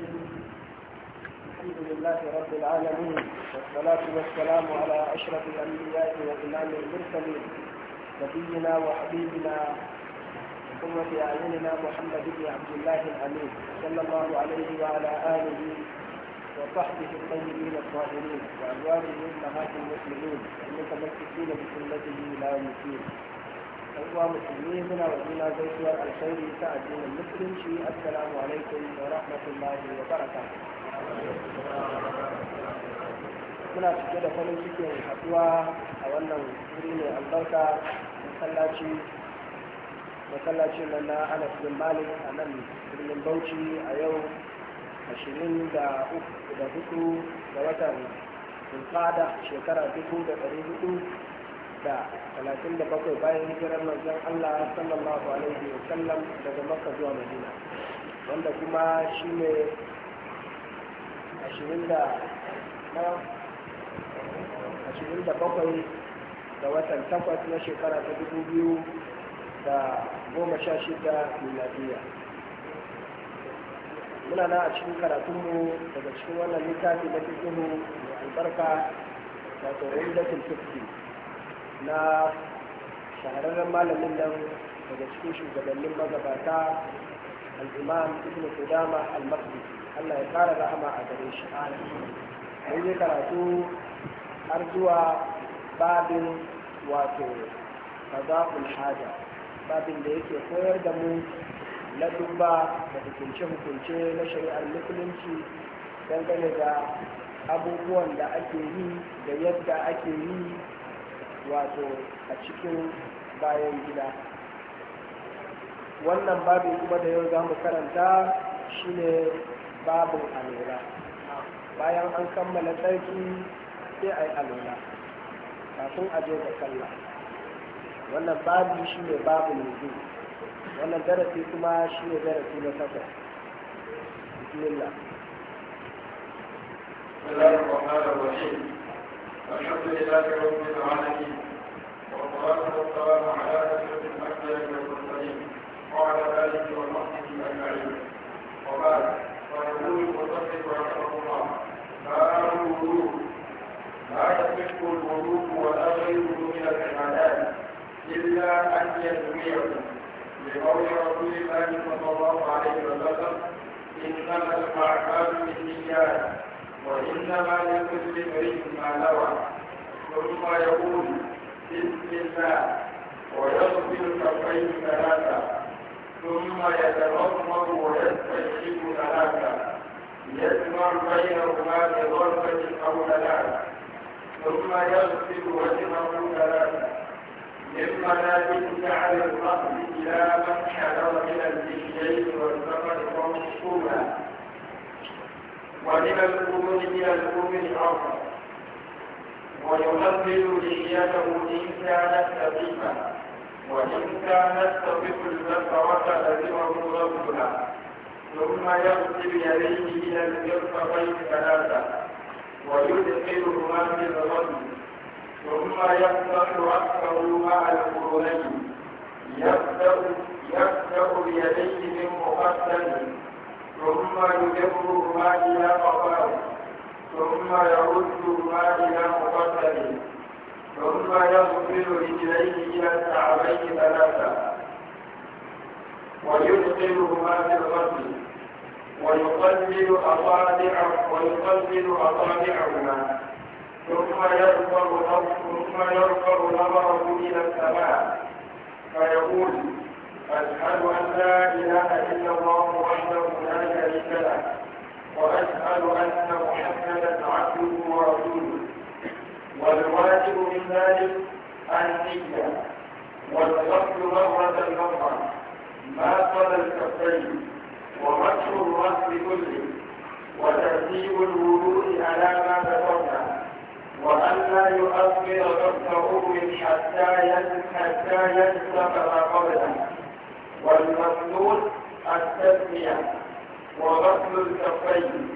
الحمد لله رب العالمين والصلاة والسلام على أشرف الأنبياء وإمام المرسلين نبينا وحبيبنا قرة أعيننا محمد بن عبد الله الأمين صلى الله عليه وعلى آله وصحبه الطيبين الطاهرين وأزواجه أمهات المسلمين المتمسكين بسنته إلى يوم الدين uwa musulmi muna wa juna gaisuwar alkhairi ta addinin musulunci assalamu alaikum wa rahmatullahi wa barakatuh muna cike da farin cikin haɗuwa a wannan wuri mai albarka masallaci masallacin nan na anas bin malik a nan birnin bauchi a yau ashirin da hudu ga watan zulkada shekara dubu da ɗari hudu da talatin da bakwai bayan hijirar manzon Allah sallallahu alaihi wa sallam daga Makka zuwa Madina wanda kuma shi ne ashirin da ashirin da bakwai da watan takwas na shekara ta dubu biyu da goma sha shida miladiya muna na a cikin karatunmu daga cikin wannan littafi na fikihu mai albarka wato wani datin fikihu na shahararren malamin nan daga cikin shugabannin magabata al'imam ibn kudama al-makdi allah ya kara rahama a gare shi mun yi karatu har zuwa babin wato fadakul haja babin da yake koyar da mu na duba da hukunce-hukunce na shari'ar musulunci dangane da abubuwan da ake yi da yadda ake yi wato a cikin bayan gida wannan babin kuma da yau za mu karanta shine babin alola bayan an kammala tsarki sai a yi alola kafin a je da kalla. wannan babi shine babin yanzu wannan darasi kuma shine darasi na takwas bismillah الرحمن الرحيم الحمد لله رب العالمين والصلاة والسلام على أشرف الأنبياء والمرسلين وعلى آله وصحبه أجمعين وبعد فيقول المصدق رحمه الله باب الوضوء لا يصح الوضوء ولا غيره من العبادات إلا أن يجمعه لقول رسول الله صلى الله عليه وسلم إنما الأعمال بالنيات وإنما لكل امرئ ما نوى ثم يقول بسم الله ويغفر كفيه ثلاثة ثم يتمضمض ويستشهد ثلاثة يجمع بينهما بغرفة أو ثلاثة ثم يغسل وجهه ثلاثة من منابت على الرأس إلى من حلو من الجيشين والسفر والشكومة ومن الأمور إلى الأمور عرضا وينزل لحيته إن كانت خفيفة وإن كانت تطف البصرة أزره ربها ثم يغسل بيديه إلى الكرفين ثلاثة ويدخلهما في الرجل ثم يفتح رأسه مع القرنين يبدأ يبدأ بيديه من مقدمه ثم يجرهما إلى قفاه ثم يردهما إلى مقتله ثم يغسل رجليه إلى الكعبين ثلاثة ويدخلهما في الغسل ويقلل أصابعه ويقلل أصابعهما ثم يرفع ثم يرفع نظره إلى السماء فيقول أشهد أن لا إله إلا الله وحده لا شريك له وأشهد أن محمدا عبده ورسوله والواجب من ذلك النية والغسل مرة مرة ما قبل الكفين ومسح الرأس كله وترتيب الوضوء على ما ذكرنا وأن لا يؤخر غسله حتى ينسى ما قبله والمسنون التسمية وغسل الكفين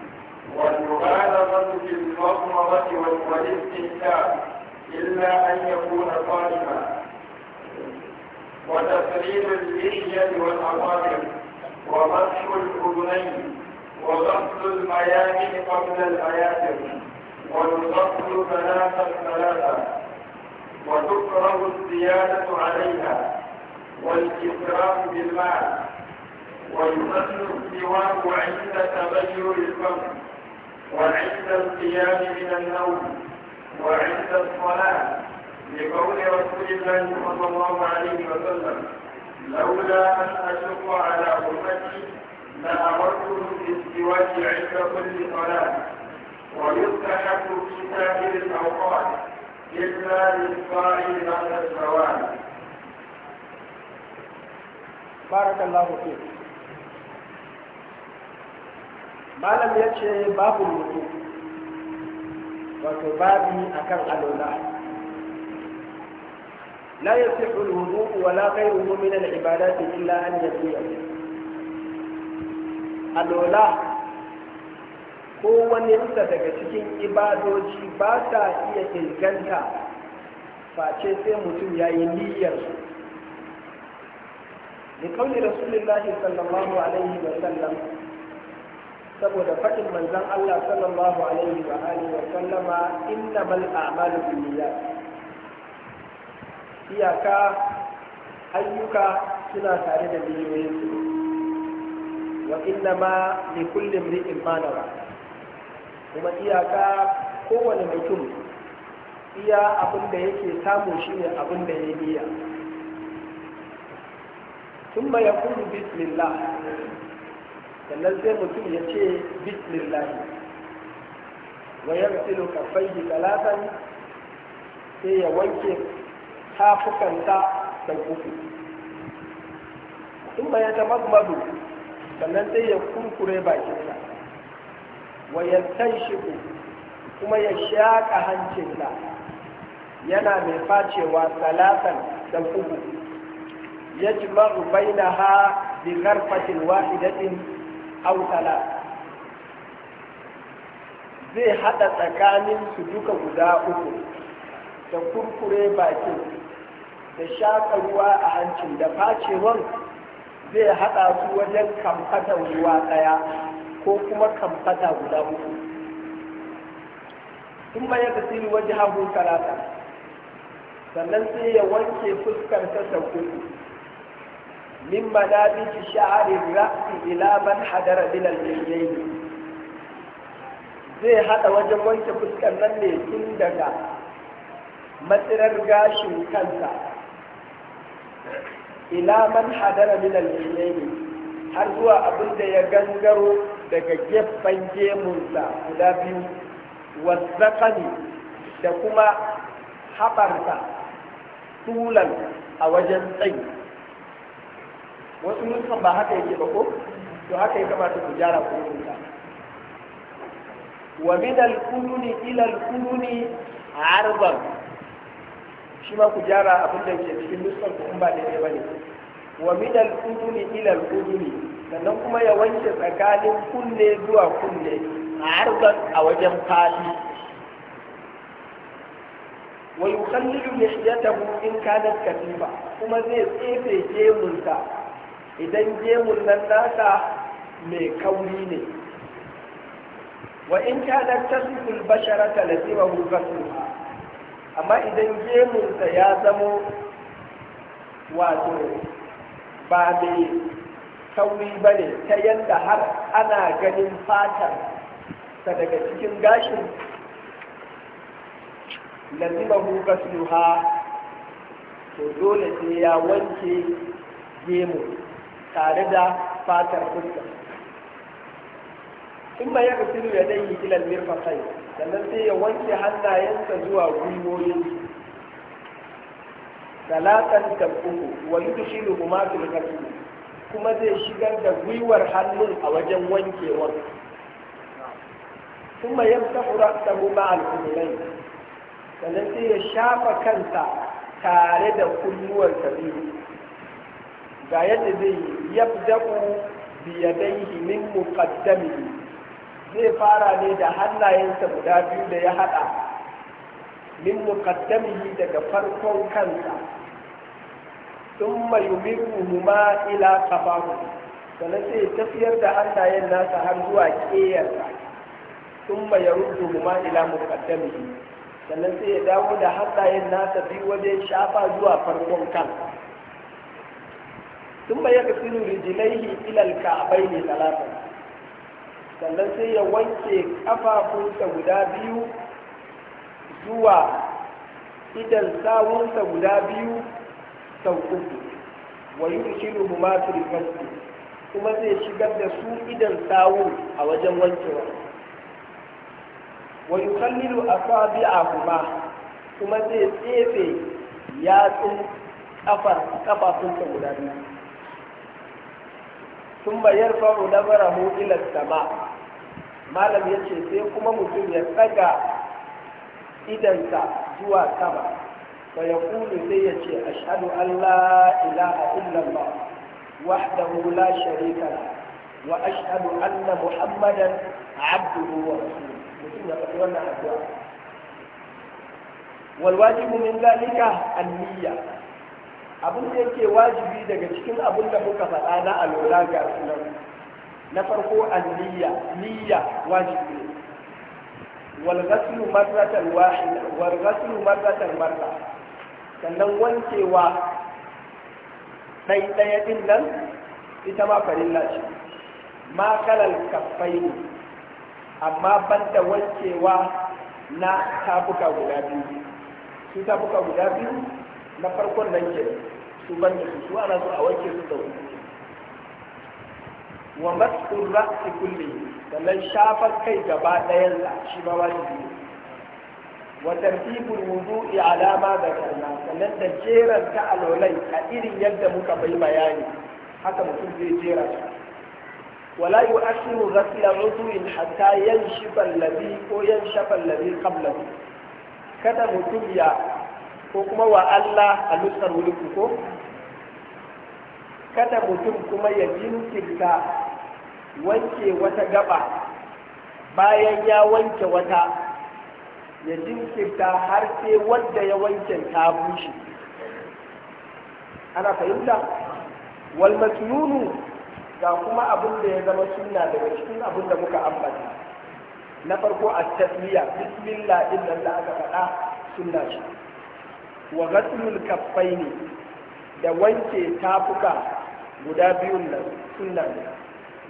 والمبالغة في المضمضة والاستنشاق إلا أن يكون صالحا وتفريد اللحية والأظافر ومسح الأذنين وغسل الميامن قبل الأياسر والغسل ثلاثا ثلاثا وتكره الزيادة عليها والاكرام بالمال ويسن السواك عند تغير الفم وعند القيام من النوم وعند الصلاة لقول رسول الله صلى الله عليه وسلم لولا أن أشق على أمتي لأمرتهم بالسواك عند كل صلاة ويستحق في سائر الأوقات إلا للصائم بعد الزوال بارك الله malam ya ce babu mutu wato babi akan alola la yasihu alwudu wa la ghayruhu min alibadati illa an yabiya ko wani daga cikin ibadoji ba ta iya inganta face sai mutum ya yi niyyar su لقول رسول الله صلى الله عليه وسلم saboda faɗin manzon Allah sallallahu alaihi wa alihi wa sallama innamal a'malu binniyat iyaka ayyuka suna tare da biyoyin su wa innama li kulli imri'in ma kuma iyaka kowane mutum iya abin yake samu shine abin da ya biya sun ma ya kuru bismillah sannan sai mutum ya ce bismillah wa kafai da talatan sai ya wanke hafukanta da uku sun ma ya magmadu, sannan sai ya kurkure bakinsa wa yastanshiku kuma ya shaƙa hancinsa yana mai facewa talatan da uku يجمع بينها بغرفة واحدة أو ثلاث zai haɗa tsakanin su duka guda uku da kurkure bakin da shaƙa ruwa a hancin da facewan zai haɗa su wajen kamfata ruwa ɗaya ko kuma kamfata guda uku in ma ya tasiri waje hagu talata sannan sai ya wanke fuskar ta sau uku min manabiji sha'arin ra'si ila man hadara min al-yayyin zai haɗa wajen wanke fuskar nan ne tun daga matsirar gashin kansa ila man hadara min al-yayyin har zuwa abin da ya gangaro daga gefen gemunsa guda biyu wasaƙani da kuma haɓarsa tulan a wajen tsayi wasu nuskan ba haka yake ba ko to haka ya kamata ku gyara ku rubuta wa min al-kununi ila al-kununi arban shi ma ku gyara abin da ke cikin nuskan ku in ba daidai ne. wa min al-kununi ila al-kununi sannan kuma ya wanke tsakanin kunne zuwa kunne arban a wajen fali wa yukhallilu lihiyatahu in kanat Katiba kuma zai tsefe gemunsa idan gemun nan nasa mai kauri ne wa in kana tasiful basharata lasimahu ghasluha amma idan gemunsa ya zamo wato ba mai kauri ba ne ta yadda har ana ganin fatar ta daga cikin gashin lazimahu ha to dole sai ya wanke gemu tare da fatar fuska in ma ya rufilu ya dai yi mirfaqai sannan sai ya wanke hannayensa zuwa gwiwoyin salatan tabuku wa yudkhilu huma fil ghasl kuma zai shigar da gwiwar hannun a wajen wankewa kuma yamsahu ra'sahu ma'al kullayn sannan sai ya shafa kansa tare da kunnuwansa biyu ga yadda zai yabda'u bi yadayhi min muqaddamihi zai fara ne da hannayensa guda biyu da ya hada min muqaddamihi daga farkon kansa sun mu ma ila qafahu sannan sai tafiyar da hannayen nasa har zuwa ƙeyarsa mu ma ila muqaddamihi sannan sai ya dawo da hannayen nasa biyu wajen shafa zuwa farkon kansa ثم يغسل رجليه الى الكعبين ثلاثة sannan sai ya wanke ƙafafunsa guda biyu zuwa idan sawunsa guda biyu sau uku wa yi ushiru ma turkansu kuma zai shigar da su idan sawun a wajen wankewa wa yi kallilu a kuma kuma zai tsefe yatsun ƙafafunsa guda biyu ثم يرفع نظره إلى السماء ما لم يشي سيكم مجم يتقى إذا انت جوا سما فيقول سيشي أشهد أن لا إله إلا الله وحده لا شريك له وأشهد أن محمدا عبده ورسوله والواجب من ذلك النية abin da yake wajibi daga cikin abin da muka faɗa na alola ga sunan na farko anniya niyya wajibi ne wal ghaslu marratan wahida wal marratan marra sannan wankewa dai daya din nan ita ma farilla ce ma kalal ne, amma banda wankewa na tafuka guda biyu su tafuka guda biyu na farkon nan ke su ban da su su ana so a wanke su da wani wa matsur ra'si kulli sannan shafar kai gaba ɗayan sa shi ma wajibi wa tartibul wudu'i ala ma zakarna sannan da jeran ta alolai a irin yadda muka bai bayani haka mutum zai jera shi ولا يؤثر غسل عضو حتى ينشف الذي وينشف الذي قبله kada mutum ya ko kuma wa Allah a lusar wuri ko kada mutum kuma ya jinkirta wanke wata gaba bayan ya wanke wata ya jinkirta har sai wadda ya wanke ta bushe ana fahimta wal masnunu ga kuma abin da ya zama suna daga cikin abin da muka ambata na farko a tasmiya bismillah din aka faɗa sunna shi wa kaffai ne da wanke tafuka guda biyun nan sunna ne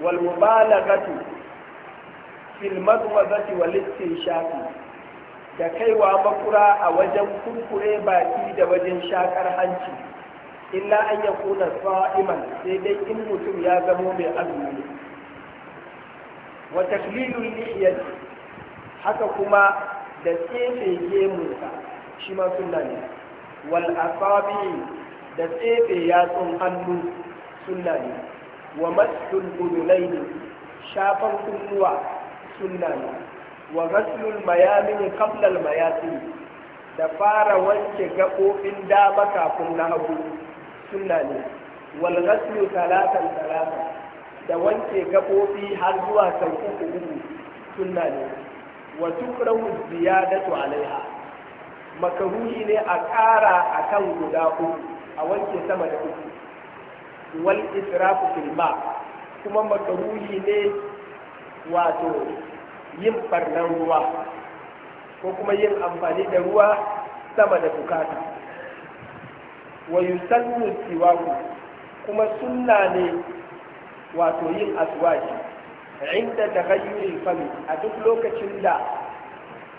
wal wa fil wa wal shafi, da kaiwa makura a wajen kurkure baki da wajen shakar hanci illa an yakuna sa'iman sai dai in mutum ya zamo mai azumi wata taklilul haka kuma da tsefe gemunsa shi ma wal asabi da tsefe yatsun hannu sunna ne wa masul udulaini shafan kunnuwa sunna ne wa ghaslul mayamin qabla mayasin da fara wanke gaɓoɓin dama kafin na hagu sunna ne wal ghaslu talatan talata da wanke gaɓoɓi har zuwa sau uku uku sunna ne wa tukrahu ziyadatu alaiha makaruhi ne a ƙara a kan guda uku a wanke sama da uku wal israfu filma kuma makaruhi ne wato yin farnan ruwa ko kuma yin amfani da ruwa sama da bukata wa yusallu siwaku kuma sunna ne wato yin aswaji inda ta kai fami a duk lokacin da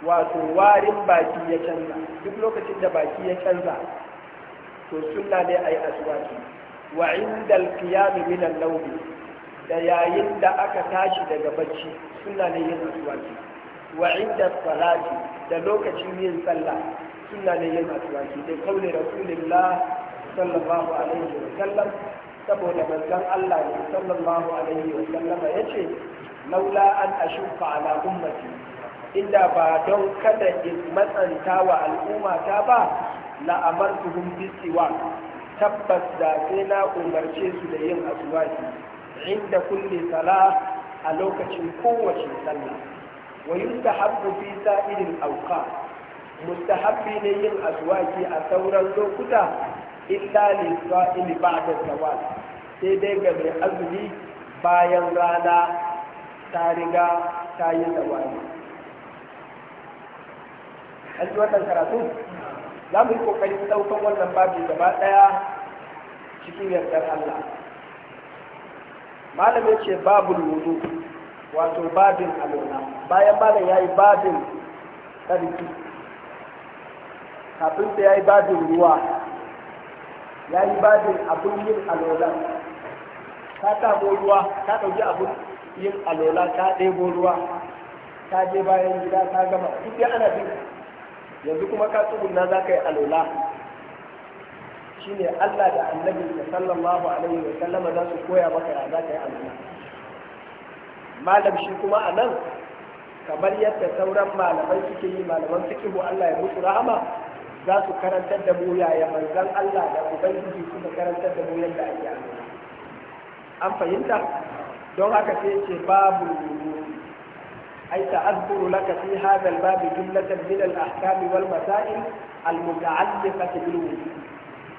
wato warin baki ya canza duk lokacin da baki ya canza to sunna ne a yi aswaki wa inda alqiyam min al-nawmi da yayin da aka tashi daga bacci sunna ne yin aswaki wa inda salati da lokacin yin sallah sunna ne yin aswaki da kauli rasulullah sallallahu alaihi wa sallam saboda manzon Allah ne sallallahu alaihi wa sallama yace laula an ashuqa ala ummati inda ba don kada in matsanta wa al'umma ta ba la'amartuhum bisiwa tabbas da sai na umarce su da yin asuwaki, inda kulle sala a lokacin kowace sallah wa haɓu fi auka, awqa mustahabbi ne yin azuwaki a sauran lokuta illa ba sa'ili da zawa sai dai ga mai azumi bayan rana ta riga ta yi ne an ji wannan karatu za mu yi kokarin ɗaukan wannan babi gaba ɗaya cikin yardar Allah malam ce babul wudu wato babin alona bayan malam ya yi babin tsarki kafin ta ya yi babin ruwa ya yi babin abin yin alola ka samo ruwa ka ɗauki abin yin alola ka ɗebo ruwa ka je bayan gida ka gama duk ana bin yanzu kuma ka tsugunna za ka yi alola ne Allah da annabi da sallallahu alaihi wa sallama za su koya maka ya za ka yi alola malam shi kuma a nan kamar yadda sauran malaman suke yi malaman bu Allah ya musu rahama za su karantar da mu yaya manzan Allah da ubangiji suka karantar da mu yadda ake alola an fahimta don haka sai ce babu أي سأذكر لك في هذا الباب جملة من الأحكام والمسائل المتعلقة بالوجود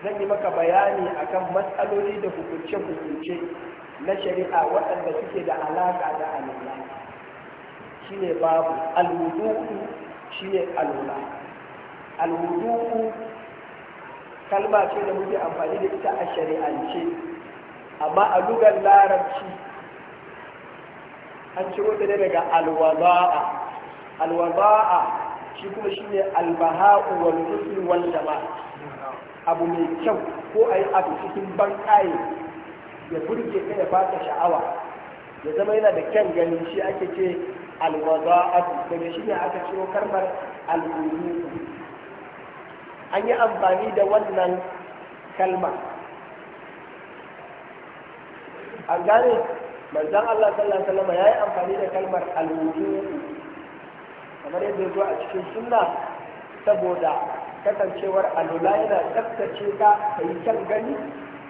zan yi maka bayani akan matsaloli da hukunce-hukunce na shari'a waɗanda suke da alaƙa da alula shine babu alwudu'u shine alula alwudu'u kalma ce da muke amfani da ita a shari'ance amma a lugar larabci an ciro ta ne daga alwaza'a alwaza'a shi kuma shine albaha'u wal husn wal abu mai kyau ko ayi abu cikin ban ya burge ta ya baka sha'awa ya zama yana da kyan ganin shi ake ce alwaza'atu daga shi ne aka ciro karmar alwudu an yi amfani da wannan kalma an gane manzon Allah sallallahu alaihi wasallam yayi amfani da kalmar al-wujud kamar yadda zuwa a cikin sunna saboda kasancewar alula yana tsaftace ka ka yi kyan gani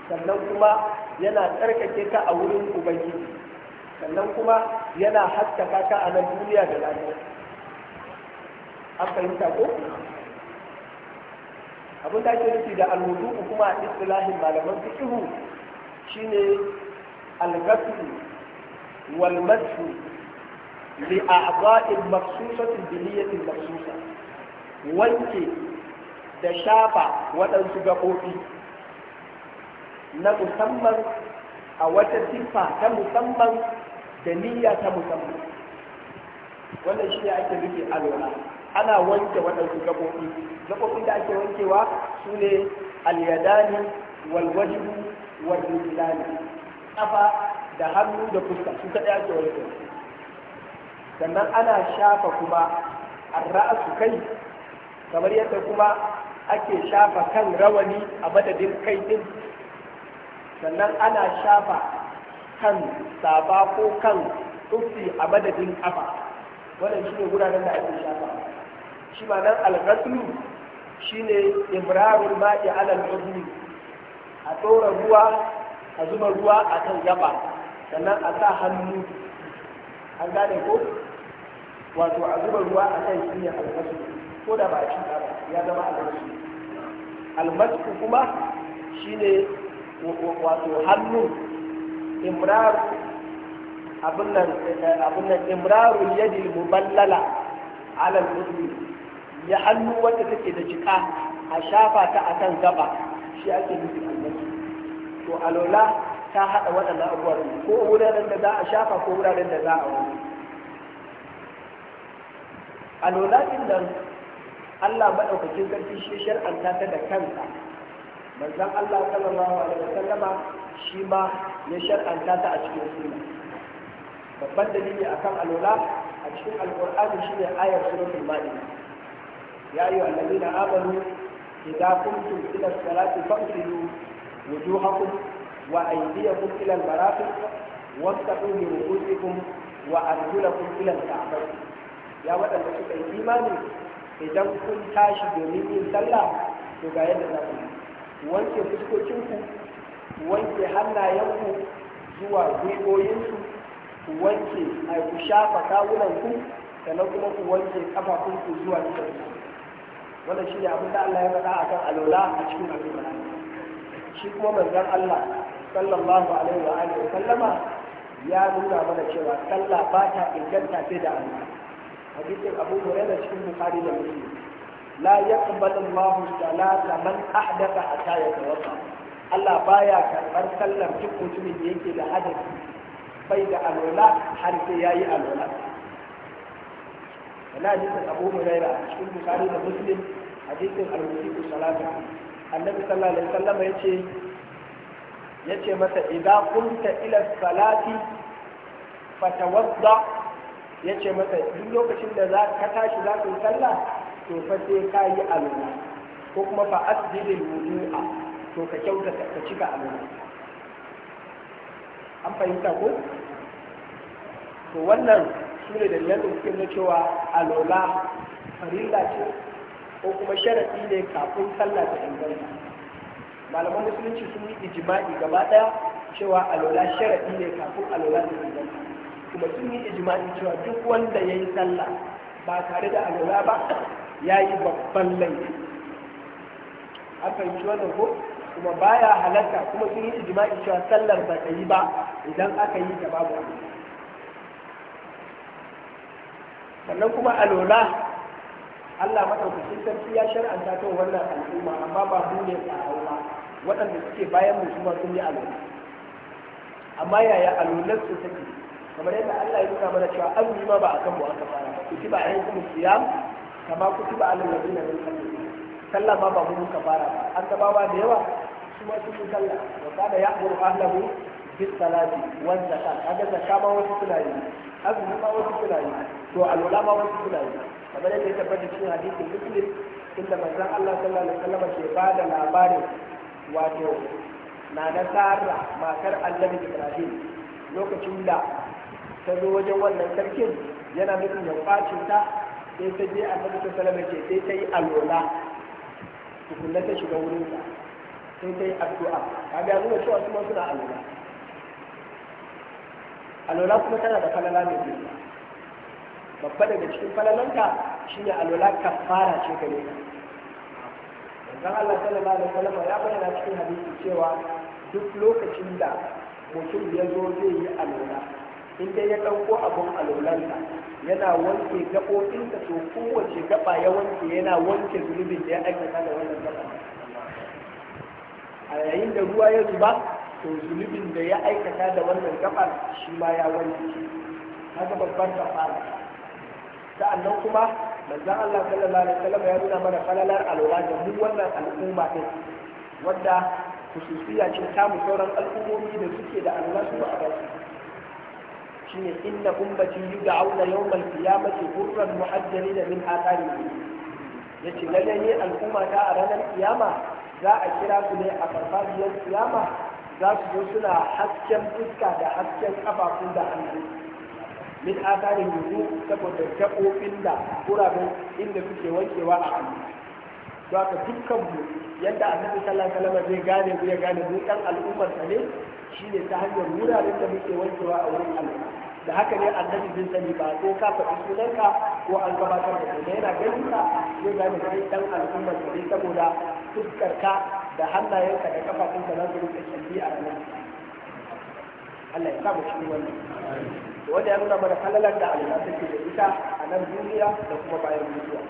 sannan kuma yana tsarkake ka a wurin ubangiji sannan kuma yana haskaka ka a nan duniya da lafiya an fahimta ko abin da ake nufi da alwudu kuma a istilahin malaman fiqhu shine al-ghasl والمدح لأعضاء مخصوصة بنية مخصوصة wanke da shafa waɗansu gaɓoɓi na musamman a wata siffa ta musamman da niyya ta musamman wannan shi ne ake nufi alola ana wanke waɗansu gaɓoɓi gaɓoɓin da ake wankewa su ne alyadani walwajibu walmujilani ƙafa da hannu da fuska su kaɗai ake wanke sannan ana shafa kuma arra'asu kai kamar yadda kuma ake shafa kan rawani a madadin kai din sannan ana shafa kan safa ko kan tsufi a madadin kafa wannan shi ne guraren da ake shafa shi ma nan alghaslu shi ne imrarul ma'i alal a tsora ruwa a zuba ruwa a kan gaba sannan a sa hannu an gane ko wato a zuba ruwa a kan shi ne almasu ko da ba a ci ba ya zama almasu almasu kuma shi ne wato hannu imrar abin nan eh, imrarul yadi muballala alal musu ya hannu wata take da jika a shafa ta akan gaba shi ake nufin almasu to alola ta haɗa waɗannan abubuwa ko wuraren da za a shafa ko wuraren da za a wani a lolatin nan Allah maɗaukakin sarki shi shar'anta ta da kansa manzon Allah sallallahu alaihi sallama shi ma ya shar'anta ta a cikin suna. babban dalili akan alola a cikin alqur'ani shine ayar suratul ma'idah ya ayu alladhina amanu idza kuntum ila salati fa'tudu wujuhakum وأيديكم إلى المرافق وابتقوا برؤوسكم وأرجلكم إلى الكعبين يا ودن suka yi imani idan kun tashi domin yin sallah to ga yadda za ku wanke fuskokinku wanke hannayenku zuwa gwiwoyinsu ku wanke a ku shafa kawunanku sannan kuma ku wanke kafafunku zuwa cikin wannan shi ne abin da Allah ya faɗa akan alola a cikin abin shi kuma manzon Allah sallallahu alaihi wa alihi wa sallama ya nuna mana cewa sallah ba ta inganta sai da Allah hadisin Abu Hurairah cikin Bukhari da Muslim la yaqbalu Allahu salata man ahdatha hatta yatawadda Allah baya karɓar sallar duk mutumin da yake da hadasi bai da alwala har sai yayi alwala wannan hadisin Abu Hurairah cikin Bukhari da Muslim hadisin al-Musiku salata Annabi sallallahu alaihi wasallam yace yace masa idza qumta ila salati fatawadda yace masa duk lokacin da za ka tashi za ka yi sallah to fa sai ka yi alwala ko kuma fa asjidil wudu'a to ka kyauta ka cika alwala an fahimta ko to wannan su ne yadda da suke na cewa alwala farilla ce ko kuma sharaɗi ne kafin sallah ta inganta malaman musulunci sun yi ijima'i gaba daya cewa alola sharadi ne kafin alola da inganta kuma sun yi ijima'i cewa duk wanda ya yi sallah ba tare da alola ba ya yi babban laifi an fahimci wannan ko kuma baya halarta kuma sun yi ijma'i cewa sallar ba ta yi ba idan aka yi ta babu sannan kuma alola Allah madaukakin sarki ya shar'anta ta wannan al'umma amma ba mu ne a ba waɗanda suke bayan mu kuma sun yi alwala amma yaya alwalar su take kamar yadda Allah ya nuna mana cewa azumi ma ba akan mu aka fara ba kutiba alaikum siyam kama kutiba alal ladina min qablikum sallah ma ba mu ka fara ba annabawa da yawa su ma sun yi sallah wa kana ya'muru ahlahu bis salati wa zakat kaga zakka ma wasu suna yi azumi ma wasu suna yi to alwala ma wasu suna yi kamar yadda ya tabbata cikin hadisin muslim inda manzon Allah sallallahu alaihi wasallam ke ba da labarin wato na na makar matar annabi Ibrahim lokacin da ta zo wajen wannan sarkin yana nufin ya kwace ta sai ta je annabi sallallahu alaihi wasallam ke sai ta yi alola tukunna ta shiga wurin wurinsa sai ta yi addu'a kaga ga zuwa cewa su ma suna alola alola kuma tana da kalala mai girma babba daga cikin falalanka ne alwala kafara ce gare ka dan Allah sallallahu alaihi wasallam ya bayyana cikin hadisi cewa duk lokacin da mutum ya zo zai yi alwala in dai ya ɗauko abun alwalanta yana wanke gaɓoɓinsa to kowace gaɓa ya wanke yana wanke zunubin da ya aikata da wannan gaɓa a yayin da ruwa ya zuba to zunubin da ya aikata da wannan gaɓa, shi ma ya wanke haka babbar kafara sa'annan kuma manzon Allah sallallahu alaihi wasallam ya nuna mana falalar alwa da mu wannan al'umma din wanda khususiya ce ta mu sauran al'ummomi da suke da Allah su ba a ba shi ne inna ummati yud'auna yawmal qiyamati hurran muhajjalina min athari yace lalle ne al'umma ta a ranar kiyama za a kira su ne a farfajiyar kiyama za su zo suna hasken fuska da hasken kafafun da hannu min asarin yuzu saboda gaɓoɓin da wuraren inda suke wankewa a hannu don haka dukkan yadda annabi sallallahu alaihi wasallam zai gane mu ya gane mu dan al'ummar sa ne shine ta hanyar wuraren da muke wankewa a wurin Allah da haka ne annabi bin sani ba ko ka faɗi sunanka ko an gabatar da kai yana ganin ka zai gane kai dan al'ummar sa ne saboda fuskar ka da hannayenka da kafafunka za su rika shirki a ranar Allah ya sa mu cikin wannan wanda ya nuna mana halalar da Allah take da ita a nan duniya da kuma bayan duniya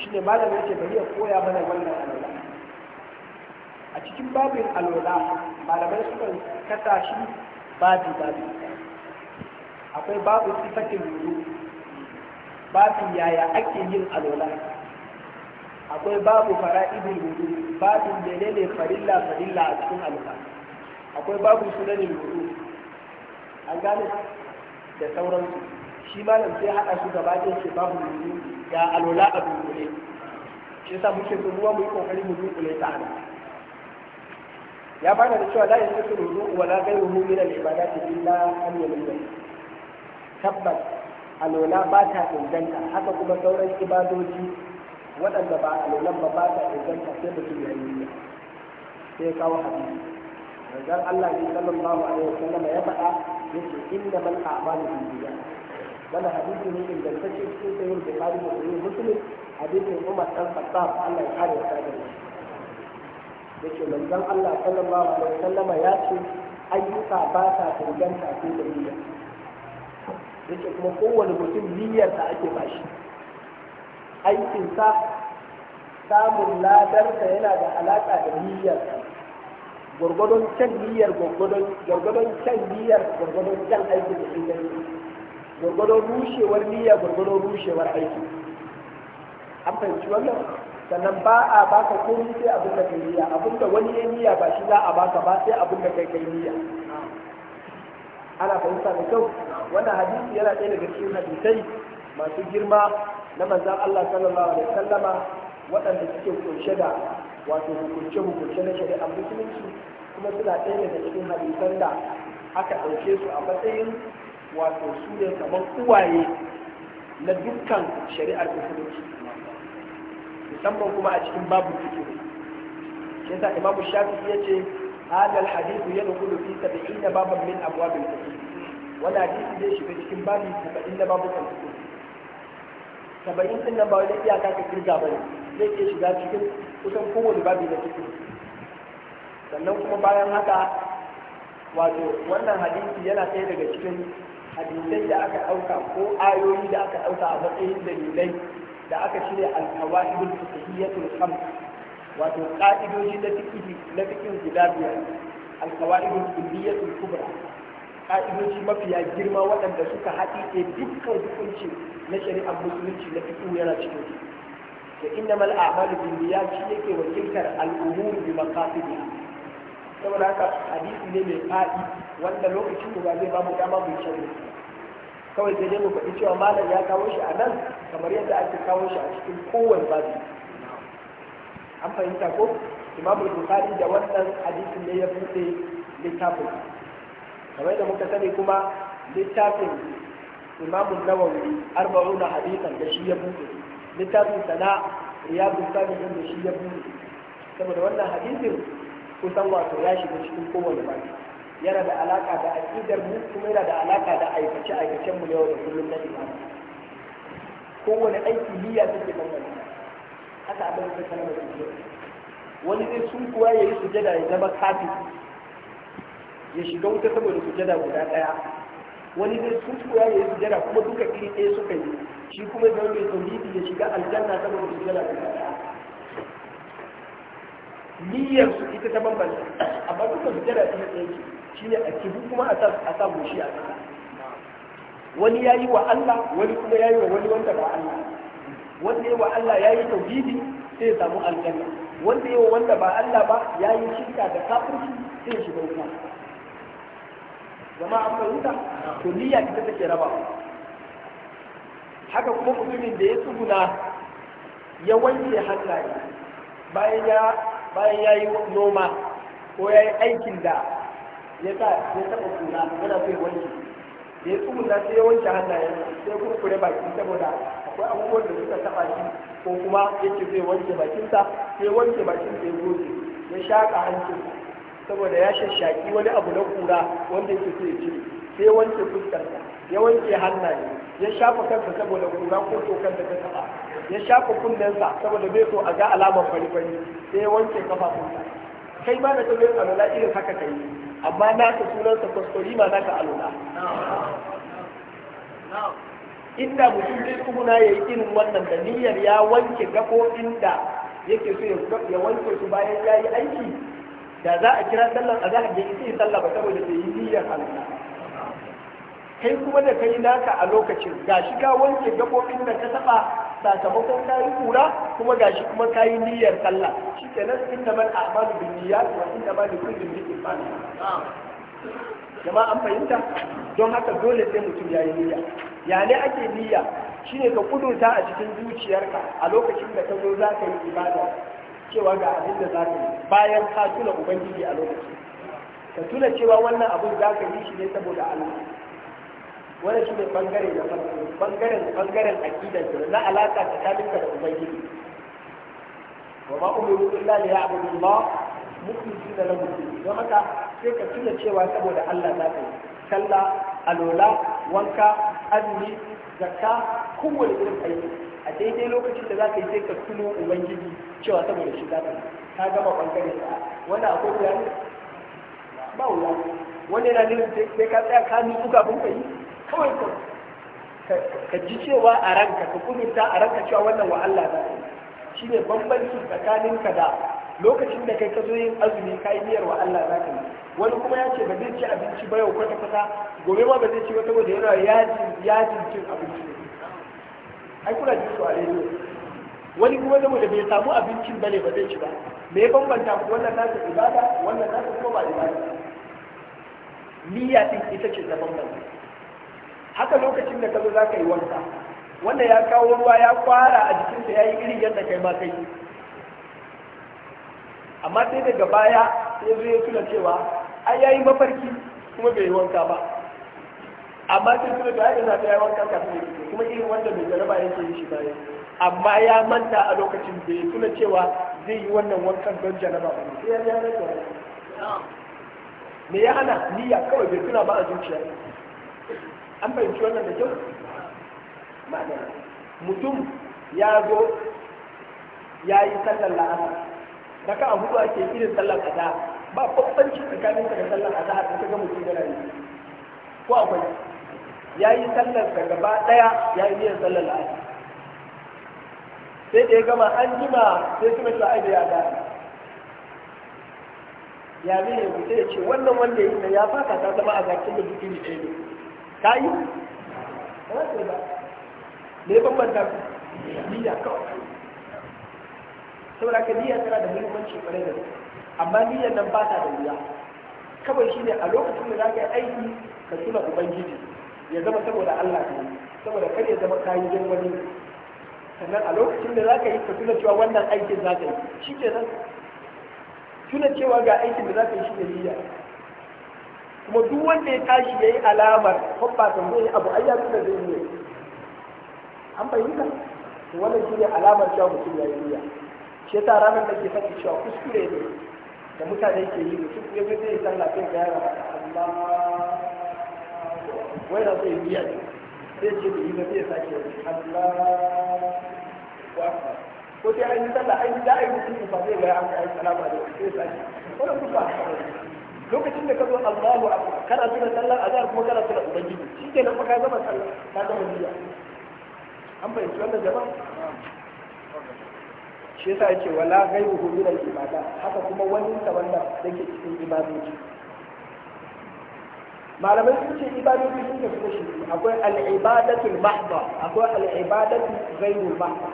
shi ne malamin ce bari ya koya mana wannan alwala a cikin babin alwala malamai suka kata shi babi babi akwai babu sifatin wudu babin yaya ake yin alwala akwai babu fara'idin wudu babin menene farilla farilla a cikin alwala akwai babu sunanin wudu an gane da sauransu shi malam sai haɗa su gaba ɗaya ce babu yanzu ga alola a dunkule shi yasa muke so ruwa mu yi kokari mu dunkule ta ana ya bada da cewa la yasifu rudu wa la ghayruhu min al-ibadati illa an yamina tabbas alola ba ta inganta haka kuma sauran ibadoji waɗanda ba alolan ba ba ta inganta sai mutum ya yi sai kawo hadisi manzon Allah ne sallallahu alaihi wasallam ya faɗa yake inda mal a'malu bil niyyat wanda hadisi ne ingantacce cikin sahih bukhari da sahih muslim hadisin umar dan khattab Allah ya kare ta da shi yace manzon Allah sallallahu alaihi wasallama ya ce ayyuka ba ta inganta sai da niyya ke kuma kowane mutum niyyar da ake bashi aikinsa samun ladarsa yana da alaƙa da niyyarsa Gorgo don can biyar gorgo don can niyyar gwargwadon can aiki da shi gorgo don rushewar niyya don rushewar aiki an fahimci wannan sannan ba a baka komai sai abin da kai niyya abin da wani ya niyya ba shi za a baka ba sai abin da kai kai niyya ana fahimta da kyau wannan hadisi yana ɗaya daga cikin hadisai masu girma na manzan Allah sallallahu alaihi wasallama waɗanda suke kunshe da wato hukunce-hukunce na shari'ar musulunci kuma suna ɗaya daga cikin hadisan da aka ɗauke su a matsayin wato su ne kamar uwaye na dukkan shari'ar musulunci musamman kuma a cikin babu fiqh shi yasa imamu shafi'i yace hadha alhadithu yadkhulu fi 70 baban min abuwa abwabil fiqh wani hadisi zai shiga cikin babu 70 na kan fiqh saba'in din nan ba wani iyaka ka kirga ba ne zai iya shiga cikin kusan kowane babi na cikin sannan kuma bayan haka wato wannan hadisi yana ɗaya daga cikin hadisai da aka ɗauka ko ayoyi da aka ɗauka a matsayin dalilai da aka shirya alkawa'idul fiqhiyyatul khams wato ka'idoji na fiqh na fiqh guda biyar alkawa'idul kulliyatul kubra ka'idoji mafiya girma waɗanda suka haɗi da dukkan hukunci na shari'ar musulunci na fito yana cikin su da inna mal a'malu bin niyyat yake wakiltar al'umur bi maqasidi saboda haka hadisi ne mai faɗi wanda lokacin mu ba zai ba mu dama mu shari kawai sai dai mu faɗi cewa malam ya kawo shi a nan kamar yadda ake kawo shi a cikin kowane babi an fahimta ko imamu bukhari da wannan hadisin ne ya buɗe littafin kamar da muka sani kuma littafin imamu nawawi arba'una hadisan da shi ya buɗe littafin sana ya buɗe da shi ya buɗe saboda wannan hadisin kusan wato ya shiga cikin kowane ba yana da alaka da aqidar mu kuma yana da alaka da aikace aikacen mu yau da kullum na imamu kowane aiki niyya take bambanta haka abin da kana da wani zai sun kuwa yayi sujada ya zama kafin ya shiga wuta saboda jada guda ɗaya wani zai sunkuya ya su jada kuma duka iri ɗaya suka yi shi kuma zai mai tauhidi ya shiga aljanna saboda jada guda ɗaya niyyar su ita ta bambanta amma duka su jada ɗaya ɗaya ce ne a kibu kuma a sa goshi a ƙasa wani ya yi wa Allah wani kuma ya yi wa wani wanda ba Allah wanda ya wa Allah ya yi tauhidi sai ya samu aljanna wanda ya wa wanda ba Allah ba ya yi shirka da kafirci sai ya shiga wuta zama an fahimta to niyya ita take raba haka kuma mutumin da ya tsuguna ya wanke hannaye bayan ya bayan ya yi noma ko ya yi aikin da ya sa ya taɓa kuna yana so ya wanke da ya tsuguna sai ya wanke hannaye sai kurkure baki saboda akwai abubuwan da suka taba shi ko kuma yake zai wanke bakinsa sai wanke bakin sai goge ya shaƙa hancin saboda ya shashaki wani abu na kura wanda yake so ya cire sai wanke fuskarsa ya wanke hannaye ya shafa kansa saboda kura ko tokan da ta taba ya shafa kunnensa saboda bai so a ga alamar fari-fari sai ya wanke kafafunsa kai ma da ta bai alula irin haka kai amma naka sunansa kwastori ma naka alula inda mutum zai tsuguna ya yi irin wannan da niyyar ya wanke gaɓoɓin da yake so ya wanke su bayan ya yi aiki da za a kira sallar azhar da ita sallah ba saboda bai yi niyyar alwala kai kuma da kai naka a lokacin shi ka wanke gabobin da ka taba sakamakon kayi kura kuma shi kuma yi niyyar sallah shikenan inna man a'malu bin niyyat wa inna man li kulli imrin ma nawa an fahimta don haka dole sai mutum yayi niyya ya ne ake niyya shine ka kudurta a cikin zuciyarka a lokacin da ka zo za ka yi ibada cewa ga abin da za ka yi bayan ka tuna ubangiji a lokaci ka tuna cewa wannan abun za ka yi shi ne saboda Allah wannan shi ne bangare da farko bangaren bangaren aqidar da na alaka ta kalinka da ubangiji wa ma umiru illa li ya'budu Allah mukhlisina lahu din don haka sai ka tuna cewa saboda Allah za ka yi sallah alola wanka azumi zakka kowane irin aiki a daidai lokacin da za ka yi sai ka tuno ubangiji cewa saboda shi za ka yi ta gama bangare ta wannan akwai wuya ne ba wani yana nuna sai ka tsaya ka nutsu kafin ka yi kawai ka ji cewa a ranka ka kudurta a ranka cewa wannan wa Allah ba shi ne bambanci tsakaninka da lokacin da kai ka zo yin azumi ka yi niyyar wa Allah za ka yi wani kuma ya ce ba zai ci abinci ba yau kwata kwata gobe ma ba zai ci wata saboda yana yajin cin abinci ai kuna ji su a rediyo wani kuma da bai samu abincin bane ba zai ci ba me ya bambanta ku wannan nasa ibada wannan nasa kuma ba ibada niyya din ita ce ta bambanta haka lokacin da ka zo za ka yi wanka wanda ya kawo ruwa ya kwara a jikin ya yi irin yadda kai ma kai amma sai daga baya sai zo ya tuna cewa ai yayi mafarki kuma bai yi wanka ba amma sai tuna da ya za ta yi wanka kafin kuma irin wanda mai jaraba yake yi shi bayan amma ya manta a lokacin da ya tuna cewa zai yi wannan wankan don janaba ba sai ya yana da me ya hana niyya kawai bai tuna ba a zuciya an fahimci wannan da kyau ma'ana mutum ya zo ya yi sallar la'asar daga a hudu ke irin sallar azhar ba babbanci tsakanin da sallar azhar da ga mutum yana yi ko akwai ya yi sallar da gaba daya ya yi niyyar sallar la'ana sai da ya gama an jima sai kuma ta aibe ya gane ya ne ya sai ya ce wannan wanda ya yi ya faka ta zama a bakin da duk iri ɗaya ne ka yi ba ce ba ne bambanta ku niyya kawai saboda ka niyya tana da muhimmanci kwarai da amma niyyar nan ba ta da wuya kawai shine a lokacin da za ka yi aiki ka tuna ubangiji ya zama saboda Allah ne saboda kar ya zama kayi don wani sannan a lokacin da za ka yi ka tuna cewa wannan aikin za ka yi shi ke nan tuna cewa ga aikin da za ka yi shi ne niyya kuma duk wanda ya tashi ya yi alamar hoppa kan zai abu ayya ya tuna zai yi an fahimta to wannan shi ne alamar cewa mutum ya yi niyya shi ta ranar da ke faɗi cewa kuskure ne da mutane ke yi da suke ga zai sallah sai ga yara Allah wai na zai niyya ne sai ce bai yi ba sai ya sake Allah ko akbar ko sai an yi sallah an yi da ai mutum ba zai ga an kai salamu alaikum sai ya sake wannan duka lokacin da ka zo Allahu akbar kana tuna sallah azhar kuma kana tuna ubangiji ke fa ka zama sallah ka zama biya an fahimci wannan jama'a shi yasa yake wala ghayruhu min al ibada haka kuma wani tabanda wanda yake cikin ibadoji malamai sun ce ibadodi sun kuma kashi akwai al'ibadatul mahdha akwai al'ibadatu ghayrul mahdha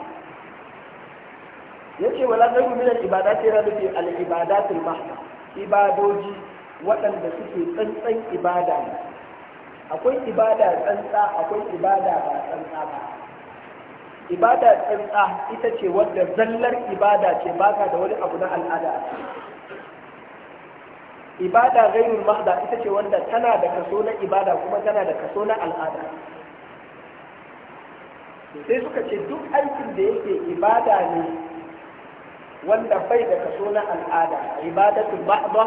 yace wala ghayru min al'ibadat yana nufi al'ibadatul mahdha ibadoji waɗanda suke tsantsan ibada ne akwai ibada tsantsa akwai ibada ba tsantsa ba ibada tsantsa ita ce wadda zallar ibada ce baka da wani abu na al'ada ibada gairul mahda ita ce wanda tana da kaso na ibada kuma tana da kaso na al'ada sai suka ce duk aikin da yake ibada ne wanda bai da kaso na al'ada ibadatu ba'da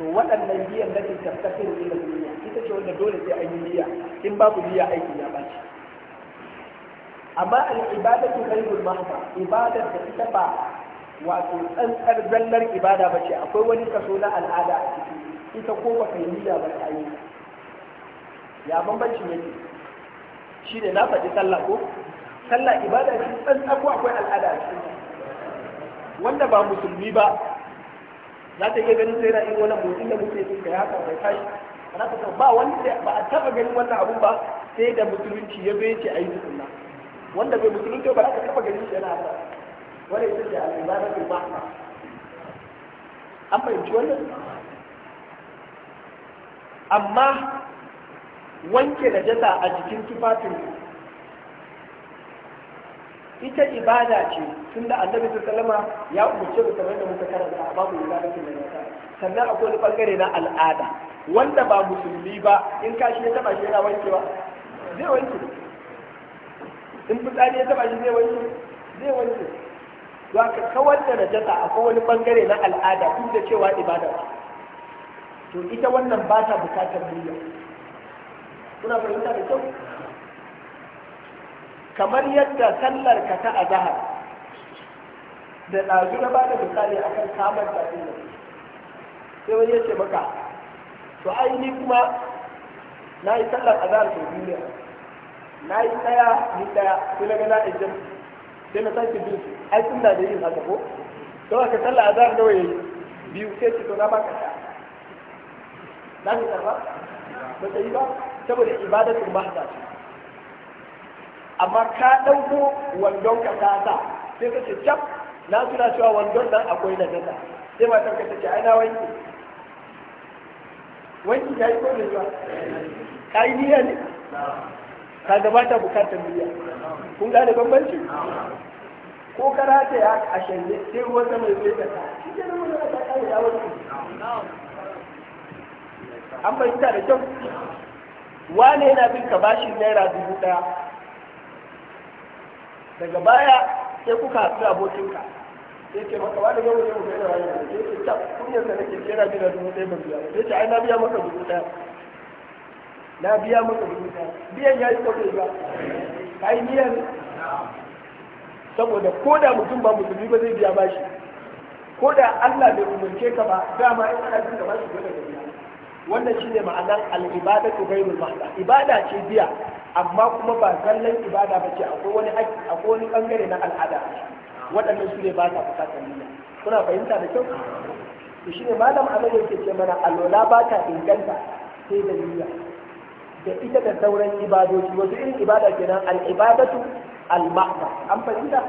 to waɗannan biyan da ke tafsirin ila duniya ita ce wanda dole sai an yi biya, in babu biya aiki ya bace amma al ibadatu ghairul mahda ibadar da ita ba wato tsantsar zallar ibada ba ce akwai wani kaso na al'ada a ciki ita ko ba ka yi niyya ba ta yi ya bambancin yake shi ne na faɗi sallah ko sallah ibada ce tsantsar ko akwai al'ada a ciki wanda ba musulmi ba za ta iya ganin sai na irin wannan motsin da muke sun kai haka bai tashi ana ta ba wani da ba a taba ganin wannan abun ba sai da musulunci ya zo ya ce yi sunna wanda bai musulunci ba za ka taba ganin shi yana haka wani ita ce al'ibada ke ba an fahimci wannan amma wanke da jasa a jikin tufafin ita ibada ce tun da annabi Salama ya umarce da kamar da muka karanta a babu ibada ke da sannan akwai wani bangare na al'ada wanda ba musulmi ba in kashi ya taba shi yana wankewa zai wanke in fitsari ya taba shi zai wanke zai wanke don ka kawar da najasa akwai wani bangare na al'ada duk da cewa ibada to ita wannan ba ta bukatar niyya kuna fahimta da kyau kamar yadda sallar ka ta zahar, da ɗazu na bada misali akan samar da sai wani ya ce maka to aini kuma na yi sallar azahar sau biyu na yi tsaya ni ɗaya sai na ga na sai na sake biyu ai sun da yin haka ko to aka sallah azhar nawa yayi biyu sai ki to na baka ta ni ta ba ba yi ba saboda ba mahda ce amma ka dauko wandon ka ta sa sai ka ce cap na tuna cewa wandon nan akwai na dada sai ma ka ta ce ai na wanki wanki yayi ko da yawa kai niyya ne Ka ba ta bukatar biya kun gane bambanci ko karata ya a shanye sai ruwan sama ya fesa kasa shi ke nan ta ya wani an fahimta da kyau wane yana bin ka naira dubu daya daga baya sai kuka haɗu abokinka sai ke maka wani yau yau mu yana wani sai ce cap kunyar sa nake kera bila dubu ɗaya ban biya sai ce ai na biya maka dubu ɗaya na biya maka rubuta biyan ya yi kwakwai ba ka yi biyan saboda ko da mutum ba musulmi ba zai biya ba shi. ko da Allah bai umarce ka ba dama in ana jin da shi dole ka biya wannan shine ma'anar al-ibadatu ghayrul mahda ibada ce biya amma kuma ba zallan ibada ba ce akwai wani akwai wani bangare na al'ada waɗannan su ne ba ta bukatar niyya kuna fahimta da kyau to shine malam Ahmad yake ce mana alola ba ta inganta sai da niyya da ita da sauran ibadoci wasu irin ibada kenan nan, al'ibadatu al-mahda an fahimta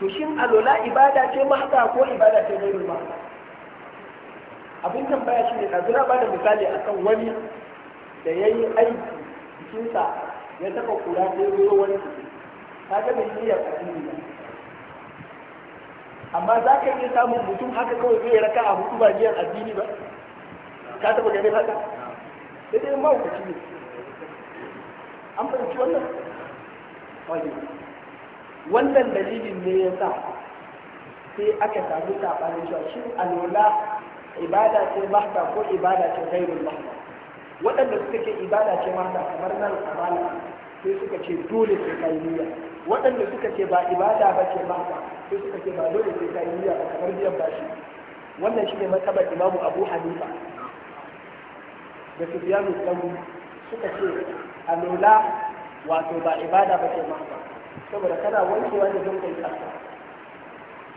to shin alola ibada ce mahda ko ibada ce gairu ba abin tambaya shi ne zura ba da misali akan wani da ya yi aiki jikinsa ya taɓa kura ta yi zuwa wani ciki ta ga bai yi ya amma za ka iya samun mutum haka kawai zai raka a hutu ba niyyar addini ba ka taɓa ganin haka sai dai mahaukaci ne an fahimci wannan wani wannan dalilin ne ya sa sai aka samu saɓanin shi shi alola ibada ce mahda ko ibada ce gairun mahda waɗanda suka ce ibada ce mahda kamar nan a amana sai suka ce dole sai ka niyya waɗanda suka ce ba ibada ba ce mahda sai suka ce ba dole sai ka niyya ba kamar biyan bashi wannan shi ne matsabar imamu abu hanifa da sufiyanu tsawo suka ce alola wato ba ibada ba ce maka saboda kana wankewa da don kai tsaka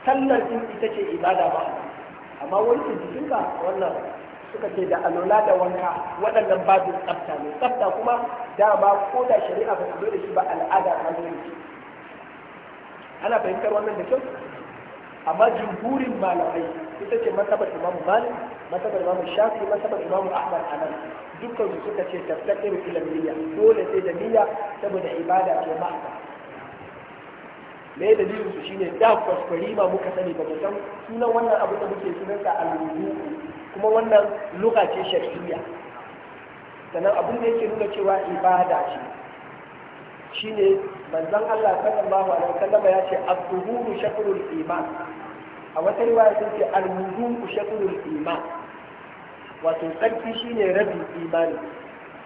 sallar din ita ce ibada ba amma wancan jikin ba wannan suka ce da alola da wanka waɗannan babin tsafta ne tsafta kuma dama ko da shari'a ba ta zo da shi ba al'ada ta zo da shi ana fahimtar wannan da kyau amma jihurin malamai ita ce masabar imamu malik masabar imamu shafi masabar imamu ahmad anan dukkan su suka ce tattakiru ilan dole sai da niyya saboda ibada ke ma'aka me dalilin su shine da kwaskwari ma muka sani ba san sunan wannan abu da muke sa al-wudu kuma wannan luka ce shar'iyya sannan abin da yake nuna cewa ibada ce shine manzon Allah sallallahu alaihi wasallam ya ce abduhu shakrul iman a wata riwaya sun ce alwudu shakrul iman wato tsarki shine rabin imani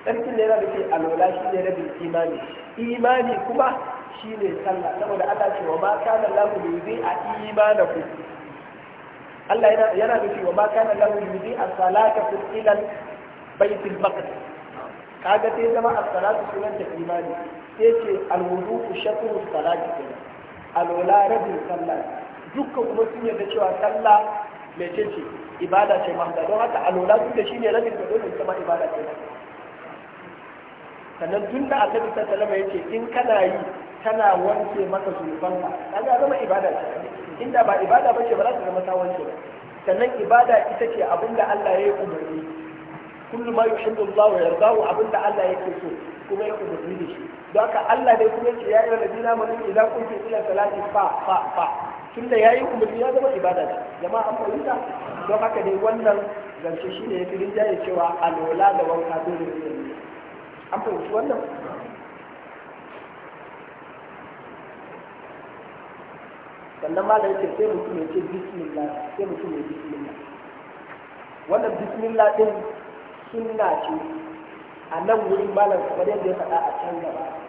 tsarkin da yana da ke alwala shine rabin imani imani kuma shine sallah saboda Allah ce wa ma kana lahu yuzi a imanakum Allah yana da ce wa ma kana lahu yuzi a salatakum ila baitul maqdis kaga sai zama as-salatu sunan ta imani sai ce alwudu shakru salati kenan alwala rabin sallah dukkan kuma sun yarda cewa sallah mai ce ce ibada ce mahda don haka alwala duk da shine rabin da dole kuma ibada ce sannan tun da aka sallallahu alaihi wasallam yace in kana yi tana wanke maka zunubanka kaga zama ibada ce inda ba ibada ba ce ba za ta zama wanke ba sannan ibada ita ce abinda Allah ya yi umarni kullum ma yuhibbu Allah wa yardahu abinda Allah yake so kuma ya umarni da shi haka Allah dai kuma ce ya yi rabi na mani idan kuke ila salati fa fa fa tun da ya yi umarni ya zama ibada ne jama'a an fahimta don haka dai wannan zance shi ne ya fi rinjaye cewa alola da wanka dole ne an fahimci wannan sannan malam yake sai mutum ya ce bismillah sai mutum ya bismillah wannan bismillah din sunna ce a nan wurin malam kamar yadda ya faɗa a can gaba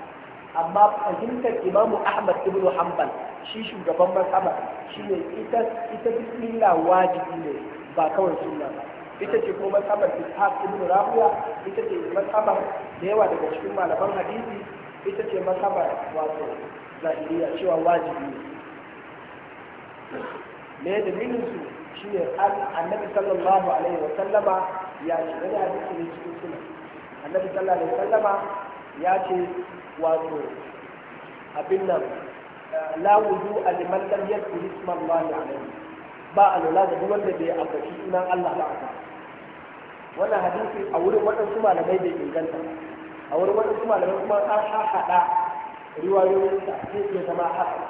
amma fahimtar imamu ahmad ibn hanbal shi shugaban mazhaba shi ne ita ita bismillah wajibi ne ba kawai sunna ba ita ce kuma ta ta ibn rabi'a ita ce mazhabar da yawa daga cikin malaman hadisi ita ce mazhabar wato zahiriya cewa wajibi ne me minin su shine annabi sallallahu alaihi wa sallama ya ce da hadisi ne cikin sunna annabi sallallahu alaihi wa sallama ya ce wato abin nan la a liman lam turisman ba Allah alayhi ba alula da duk wanda bai ambaci sunan Allah ba wannan hadisi a wurin waɗansu malamai bai inganta a wurin waɗansu malamai kuma an haɗa riwayoyin sa sai ya zama haka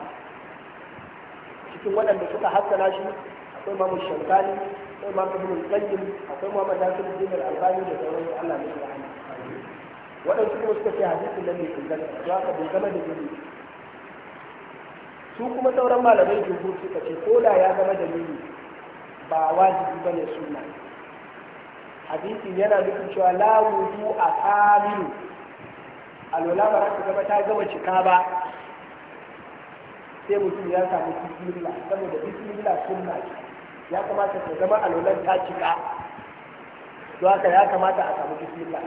cikin waɗanda suka hassana shi akwai mamu shankali akwai mamu ibn qayyim akwai muhammad nasir bin albani da sauransu Allah ya waɗansu kuma suka ce hadisin nan mai inganta to ka bai zama da gini su kuma sauran malamai jumhur suka ce ko da ya zama da gini ba wajibi bane suna. hadisin yana nufin cewa la wudu a kamilu alwala ba za ta zama ta gama cika ba sai mutum ya samu bismillah saboda bismillah sunna ya kamata ta zama alwalan ta cika don haka ya kamata a samu bismillah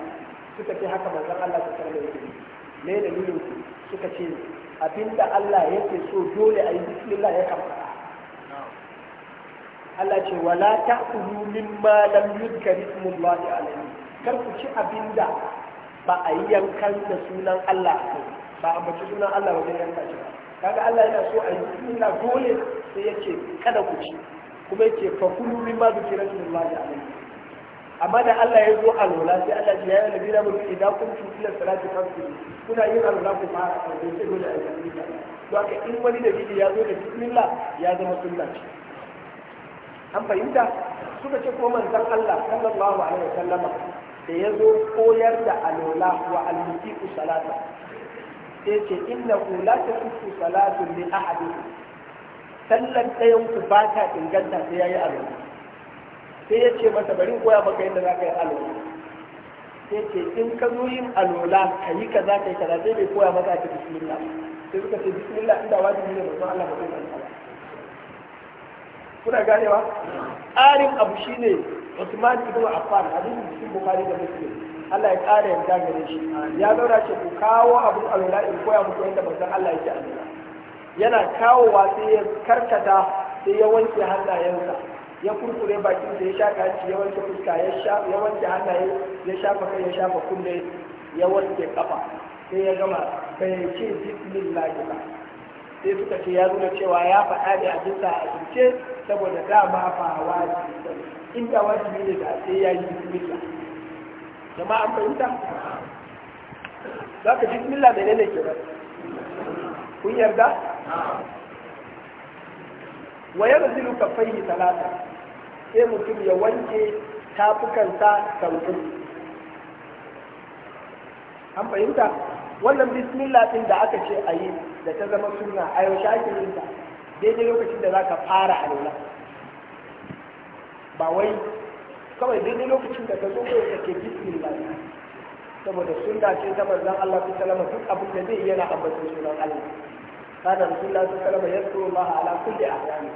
suka ce haka manzon Allah ta sanar da yake ne da nuna suka ce abinda Allah yake so dole a yi bismillah ya kamata Allah ce wala ta'kulu mimma lam yuzkar ismullahi alayhi kar ku ci abinda ba a yi yankan da sunan Allah ba a bace sunan Allah wajen yanka shi kaga Allah yana so a yi bismillah dole sai yace kada ku ci kuma yace fa kulu mimma yuzkar ismullahi alayhi amma da Allah ya zo alwala sai Allah ya yi nabi da mutum idan kun ci filan salati farko kuna yin alwala ku fara a kan sai dole a yi tafiya don haka in wani dalili ya zo da bismillah ya zama sunna ce an fahimta suka ce ko manzon Allah sallallahu alaihi wasallama da ya zo koyar da alwala wa almutiku salata sai ce innahu la tasfu salatu li ahadin sallan ɗayan ku ba ta inganta sai yayi alwala sai ya ce mata bari koya maka yadda za ka yi alola sai ce in ka zo yin alola ka yi kaza ka yi kaza sai bai koya maka ake bismillah sai suka ce bismillah inda wajibi ne mutum Allah mutum Allah kuna ganewa Tsarin abu shine Usman ibn Affan hadisin cikin Bukhari da Muslim Allah ya ƙara yarda gare shi ya zauna ce ku kawo abin alola in koya muku yadda manzon Allah yake alola yana kawowa sai ya karkata sai ya wanke hannayensa ya kurkure bakin sa ya shaka ci ya wanke fuska ya wanke hannaye ya shafa kai ya shafa kunne ya wanke kafa sai ya gama bai ce bismillah ba sai suka ce ya nuna cewa ya faɗa da abinsa a asirce saboda dama ba wajibi inda wajibi ne da sai ya yi bismillah jama'a an fahimta za ka bismillah da ne ke ba kun yarda wa yanzilu kaffaihi talata sai mutum ya wanke tafukansa sauƙi an fahimta wannan bismillah ɗin da aka ce a yi da ta zama suna a yaushe ake yin ta daidai lokacin da za ka fara alwala ba wai kawai daidai lokacin da ka zo kawai kake bismillah saboda sunna ce ta manzon Allah su salama duk abin da zai yana ambaton sunan Allah kana rasulullah su salama yadda Allah ala kulli ahyani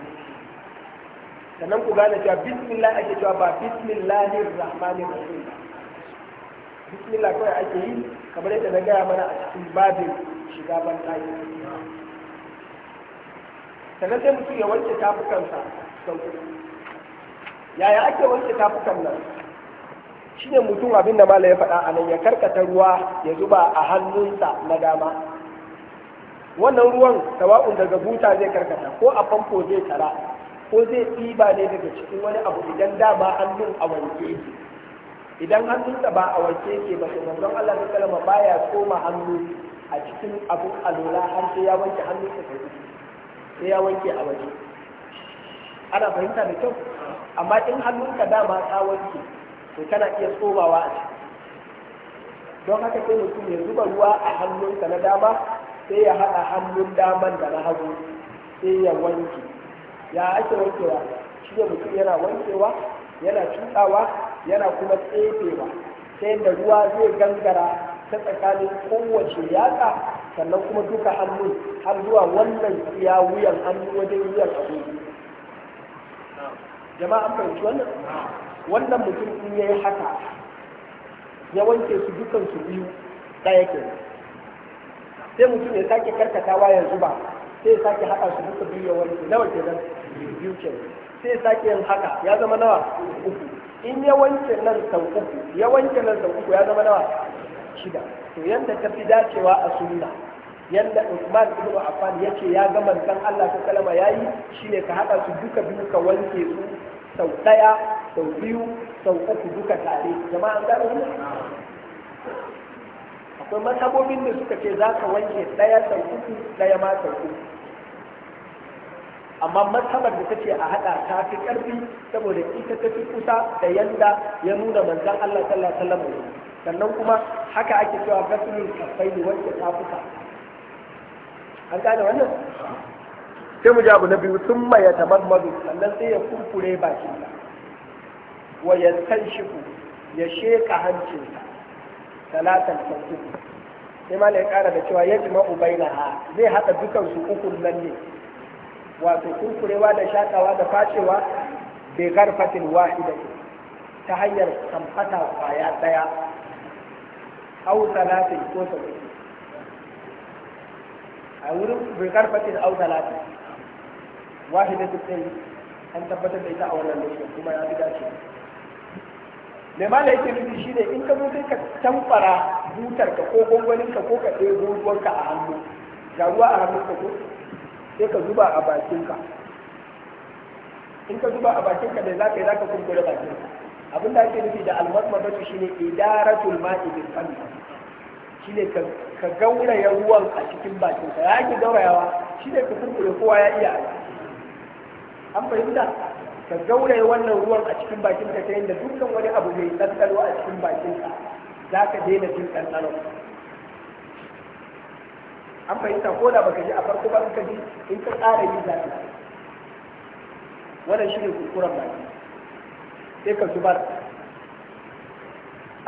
sannan ku gane cewa bismillah ake cewa ba bismillahir rahmanir rahim bismillah kawai ake yi kamar yadda na gaya mana a cikin babin shiga ban tayi sannan sai mutum ya wanke tafukansa sau yaya ake wanke tafukan nan shine mutum abin da mala ya faɗa a nan ya karkata ruwa ya zuba a hannunsa na dama wannan ruwan sawa'un daga buta zai karkata ko a famfo zai tara ko zai tsiba ne daga cikin wani abu idan da ba hannun a wanke ke idan hannunsa ba a wanke ke ba sai manzon Allah ta kalama baya koma hannu a cikin abun alola har sai ya wanke hannunsa sai sai ya wanke a waje ana fahimta da kyau amma in hannunka ma ta wanke to kana iya tsomawa a ciki don haka sai mutum ya zuba ruwa a hannunsa na dama sai ya haɗa hannun daman da na hagu sai ya wanke ya ake wankewa shi da mutum yana wankewa yana cutawa, yana kuma tsefewa ta yadda ruwa zai gangara ta tsakanin kowace yatsa sannan kuma duka hannun har zuwa wannan iya wuyan hannu wajen wuyan abu jama'a an fahimci wannan wannan mutum in ya yi haka ya wanke su dukansu biyu ɗaya ke sai mutum ya sake karkatawa yanzu ba sai sake haɗa su duka biyu ya wanke nawa ke nan biyu ke sai sake yin haka ya zama nawa uku in ya wanke nan sau uku ya wanke nan sau uku ya zama nawa shida to yanda ta fi dacewa a sunna yanda Usman ibn Affan yace ya ga manzon Allah ta kalama yayi shine ka haɗa su duka biyu ka wanke su sau ɗaya sau biyu sau uku duka tare jama'a an gano akwai masabobin da suka ce za ka wanke daya sau uku ɗaya ma sau uku amma matsabar da take a hada ta fi karfi saboda ita ta fi kusa da yanda ya nuna manzon Allah sallallahu alaihi wasallam sannan kuma haka ake cewa kafai ne wacce ta fuka an gane wannan sai mu ji abu na biyu sun mai ya tamammadu sannan sai ya kurkure bakinsa wa ya tanshiku ya sheka hancinsa talatan sautuku sai malai ya kara da cewa ya jima ubaina ha zai haɗa dukansu ukun nan ne wato kurkurewa da shakawa da facewa bai garfatin wahida ta hanyar kamfata kwaya daya au talatin ko talatin a wurin bai garfatin au talatin wahida duk ɗin an tabbatar da ita a wannan lokacin kuma ya fi dace mai da yake nufi shi ne in ka zo sai ka tamfara butar ka ko gwangwaninka ko ka ɗaya ruwanka a hannu ga ruwa a hannun ka ko sai ka zuba a bakinka in ka zuba a bakinka da za ka yi za ka kurkure bakinka abin da ake nufi da ne idara tulma ma'i kanta shi ne ka gauraya ruwan a cikin bakinka ya ake gaurayawa ne ka kuma kowa ya iya an fahimta ka gauraya wannan ruwan a cikin bakinka ta yadda dukkan wani abu mai tsantsalo a cikin bakinka za ka daina jin tsantsalo an fahimta ko da baka ji a farko ba ka ji in ka tsara yi za ka wannan ne kuskuren baki sai ka zubar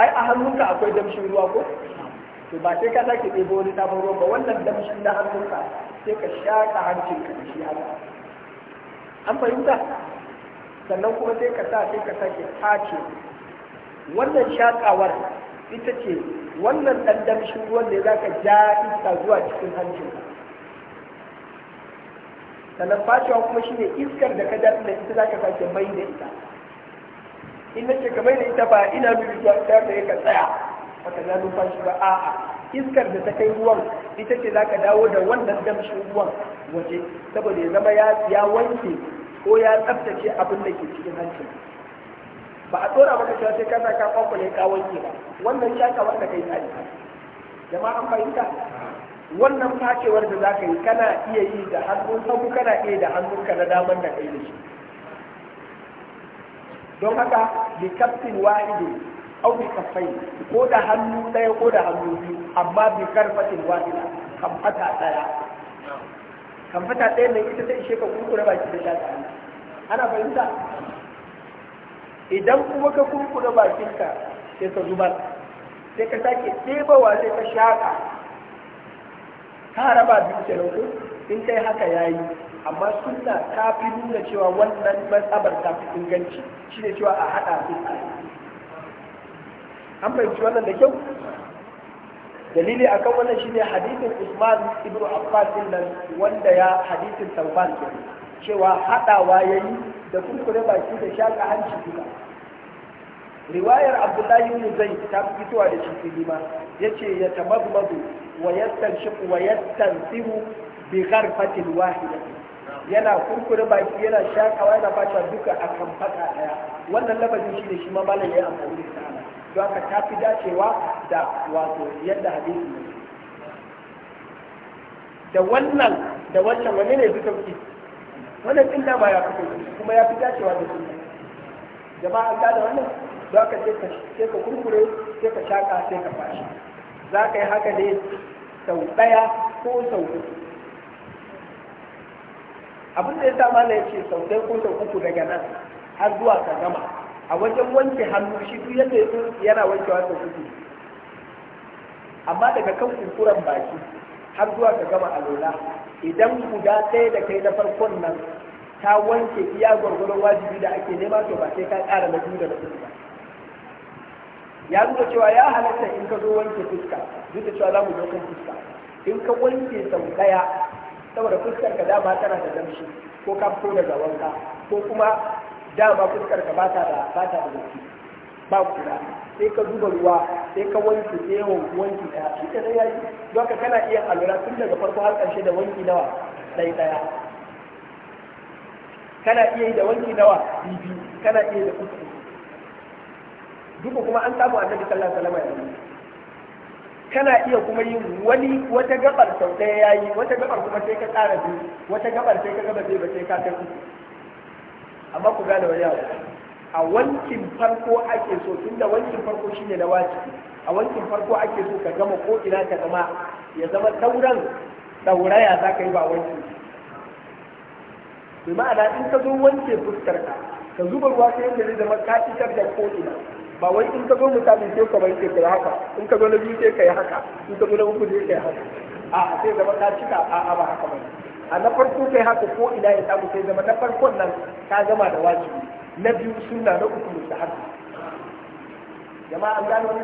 ai a hannunka akwai damshin ruwa ko to ba sai ka sake ɗebo wani sabon ruwa ba wannan damshin na hannunka sai ka shaƙa hancin ka da shi haka an fahimta sannan kuma sai ka sa sai ka sake tace wannan shaƙawar ita ce wannan ɗan ruwan ne za ka ja iska zuwa cikin hancin sannan fashewa kuma shi ne iskar da ka daɗin da ita za ka sake mai da ita ina ce ka mai da ita ba ina nufi zuwa ta da ka tsaya baka ja numfashi ba a'a iskar da ta kai ruwan ita ce za ka dawo da wannan damshin ruwan waje saboda ya zama ya wanke ko ya tsaftace abin da ke cikin hancin ba a tsora maka cewa sai ka sa ka kwakwale ka wanke ba wannan shaka wanda kai tsari jama'a an fahimta wannan fakewar da za ka yi kana iya yi da hannun sauku kana iya da hannunka na daman da kai da shi don haka bi kaftin wahidin au bi kafai ko da hannu daya ko da hannu biyu amma bi karfatin wahida kamfata ɗaya kamfata ɗaya ne ita ta ishe ka kurkure baki da shafi ana fahimta idan kuma ka kurkuda bakinka sai ka zubar sai ka sake ɗebawa sai ka shaƙa ka raba biyu da ko in kai haka ya yi. amma suna ta fi nuna cewa wannan matsabar ta fi inganci shi ne cewa a haɗa su an fahimci wannan da kyau dalili akan wannan shine hadithin Usman ibn Affan nan wanda ya hadithin Tawban cewa haɗawa yi. da kurkure baki da shaƙa hanci duka riwayar abdullahi ibn Zai ta fitowa da cikin lima yace ya tamazmazu wa yastanshiqu wa yastanthiru bi gharfatin wahida yana kurkure baki yana shakawa yana fata duka akan fata daya wannan lafazin shi ne shi ma malam ya amfani da shi don haka ta fi dacewa da wato yadda hadisi da wannan da wannan wani ne duka kuke wannan din ma ya fito kuma ya fi dacewa da su jama'a an da wannan za ka ce ka kurkure sai ka shaka sai ka fashi za ka yi haka ne sau ɗaya ko sau uku abin da ya sa mana ya ce sau daya ko sau uku daga nan har zuwa ka gama a wajen wanke hannu shi duk yadda ya yana wankewa sau uku amma daga kan kurkuren baki har zuwa ka gama a lola, idan guda ɗaya da kai na farkon nan ka wanke iya gwargwaron wajibi da ake nema to ba sai ka ƙara na biyu da na fuska ya nuna cewa ya halatta in ka zo wanke fuska duk da cewa za mu zo kan fuska in ka wanke sau ɗaya saboda fuskar ka dama tana da damshi ko ka fito daga wanka ko kuma dama fuskar ka bata da bata da datti ba kula sai ka zuba ruwa sai ka wanke sai yawan wanki ɗaya shi ka yayi don ka kana iya alura tun daga farko har ƙarshe da wanki nawa ɗaya ɗaya kana iya yi da wanki nawa bibi kana iya yi da uku duka kuma an samu annabi sallallahu alaihi wasallam kana iya kuma yin wani wata gabar sau ɗaya yayi wata gabar kuma sai ka tsara biyu wata gabar sai ka gaba biyu ba sai ka kai uku amma ku gane wani abu a wankin farko ake so tunda wankin farko shine na wajibi a wankin farko ake so ka gama ko ina ka zama ya zama tauran tsauraya za ka yi ba wankin bi da in ka zo wanke fuskar ka ka zuba ruwa sai yadda zai zama ka fitar da ko'ina ba wai in ka zo misali sai ka wanke ka haka in ka zo na biyu sai ka yi haka in ka zo na uku sai ka yi haka a sai zama ka cika a ba haka ba a na farko kai haka ko ina ya samu sai zama na farkon nan ka gama da wajibi na biyu suna na uku haka jama'a an gano ba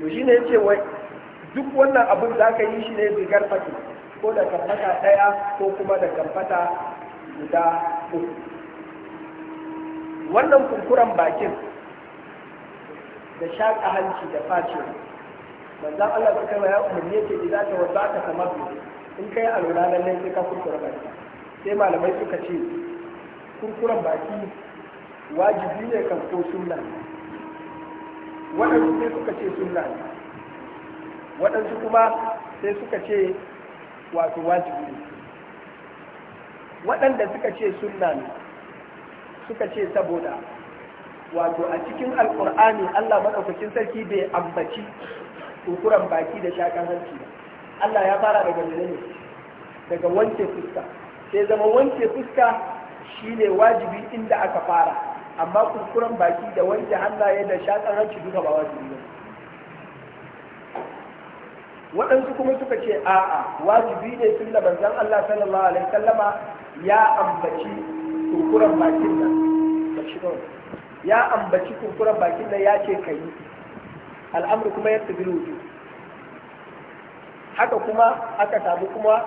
to shine yace wai duk wannan abin za ka yi shi ne zigar fati ko da kamfata ɗaya ko kuma da kamfata guda uku wannan kunkuran bakin da shaƙa hanci da face manzan Allah ta kama ya umarni yake idan ta wata kama sama in kai lura lallai sai ka kunkura baki sai malamai suka ce kunkuren baki wajibi ne kan ko sunna wannan sai suka ce sunna ne waɗansu kuma sai suka ce wato wajibi ne waɗanda suka ce sunna ne suka ce saboda wato a cikin Alƙur'ani allah maɗaukakin sarki bai ambaci kukuran baki da shakan hanci allah ya fara daga menene daga wanke fuska sai zama wanke fuska shine wajibi inda aka fara amma kukuran baki da wanke hannaye da shakan hanci duka ba wajibi waɗansu kuma suka ce a'a wajibi ne tun da manzon Allah sallallahu alaihi wasallama ya ambaci kurkuran bakin nan ya ambaci kurkuran bakin nan ya ce kai al'amru kuma ya tabi ne. haka kuma aka samu kuma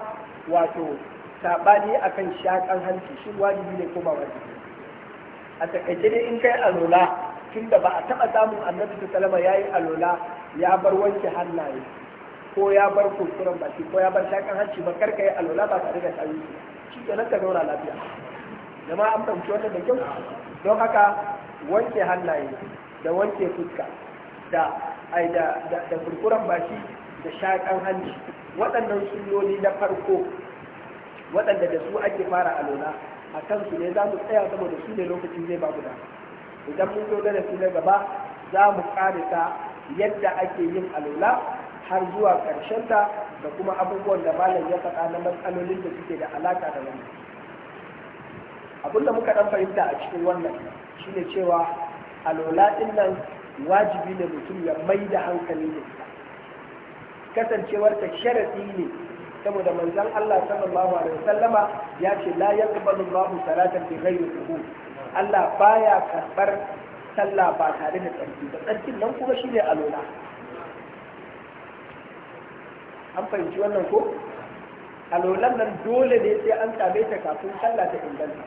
wato sabani akan shakan hanci shi wajibi ne ko ba wajibi a takaice dai in kai alola da ba a taɓa samun annabi sallallahu alaihi sallama yayi alola ya bar wanke hannaye ko ya bar kuskuren baki ko ya bar shakan hanci ba karka yi alwala ba tare da tsayi shi kenan ka zauna lafiya jama an fahimci wannan da kyau don haka wanke hannaye da wanke fuska da ai da da kurkuren baki da shakan hanci waɗannan sunnoni na farko waɗanda da su ake fara alwala a kansu ne za mu tsaya saboda su ne lokacin zai ba guda. idan mun zo da su na gaba za mu ƙarisa yadda ake yin alwala har zuwa ƙarshen ta da kuma abubuwan da malam ya faɗa na matsalolin da suke da alaƙa da wannan abin da muka ɗan fahimta a cikin wannan shine cewa alola ɗin nan wajibi ne mutum ya mai da hankali ne ita kasancewar ta sharaɗi ne saboda manzon Allah sallallahu alaihi wasallama ya ce la yaqbalu Allahu salatan bi ghairi qubul Allah baya karɓar sallah ba tare da tsarki ba tsarkin nan kuma shine alola an fahimci wannan ko alolan nan dole ne sai an same ta kafin sallah ta inganta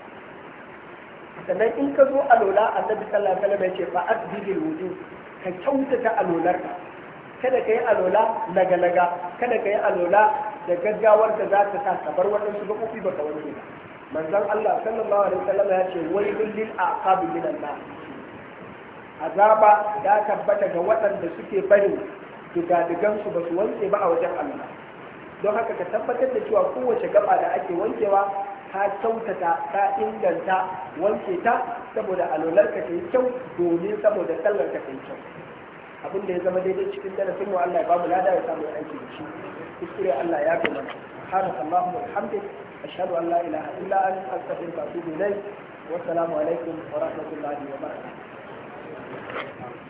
sannan in ka zo alola annabi sallallahu alaihi wasallam ce fa asbibil wudu ka kyautata alolar kada ka yi alola laga-laga kada ka yi alola da gaggawar da za ta sa ka bar waɗansu gaɓoɓi ba ka wani manzon Allah sallallahu alaihi wasallam ya ce wailul lil min Allah azaba ya tabbata ga waɗanda suke barin digadigansu ba su wanke ba a wajen Allah don haka ka tabbatar da cewa kowace gaba da ake wankewa ka kyautata ka inganta wanke ta saboda alolarka ta yi kyau domin saboda sallarka ta yi kyau abin da ya zama daidai cikin darasin mu Allah ya bamu lada ya samu aiki da shi kuskure Allah ya fi mana subhanak allahumma wa bihamdik ashhadu an la ilaha illa anta astaghfiruka wa atubu ilayk wa assalamu alaikum wa rahmatullahi wa barakatuh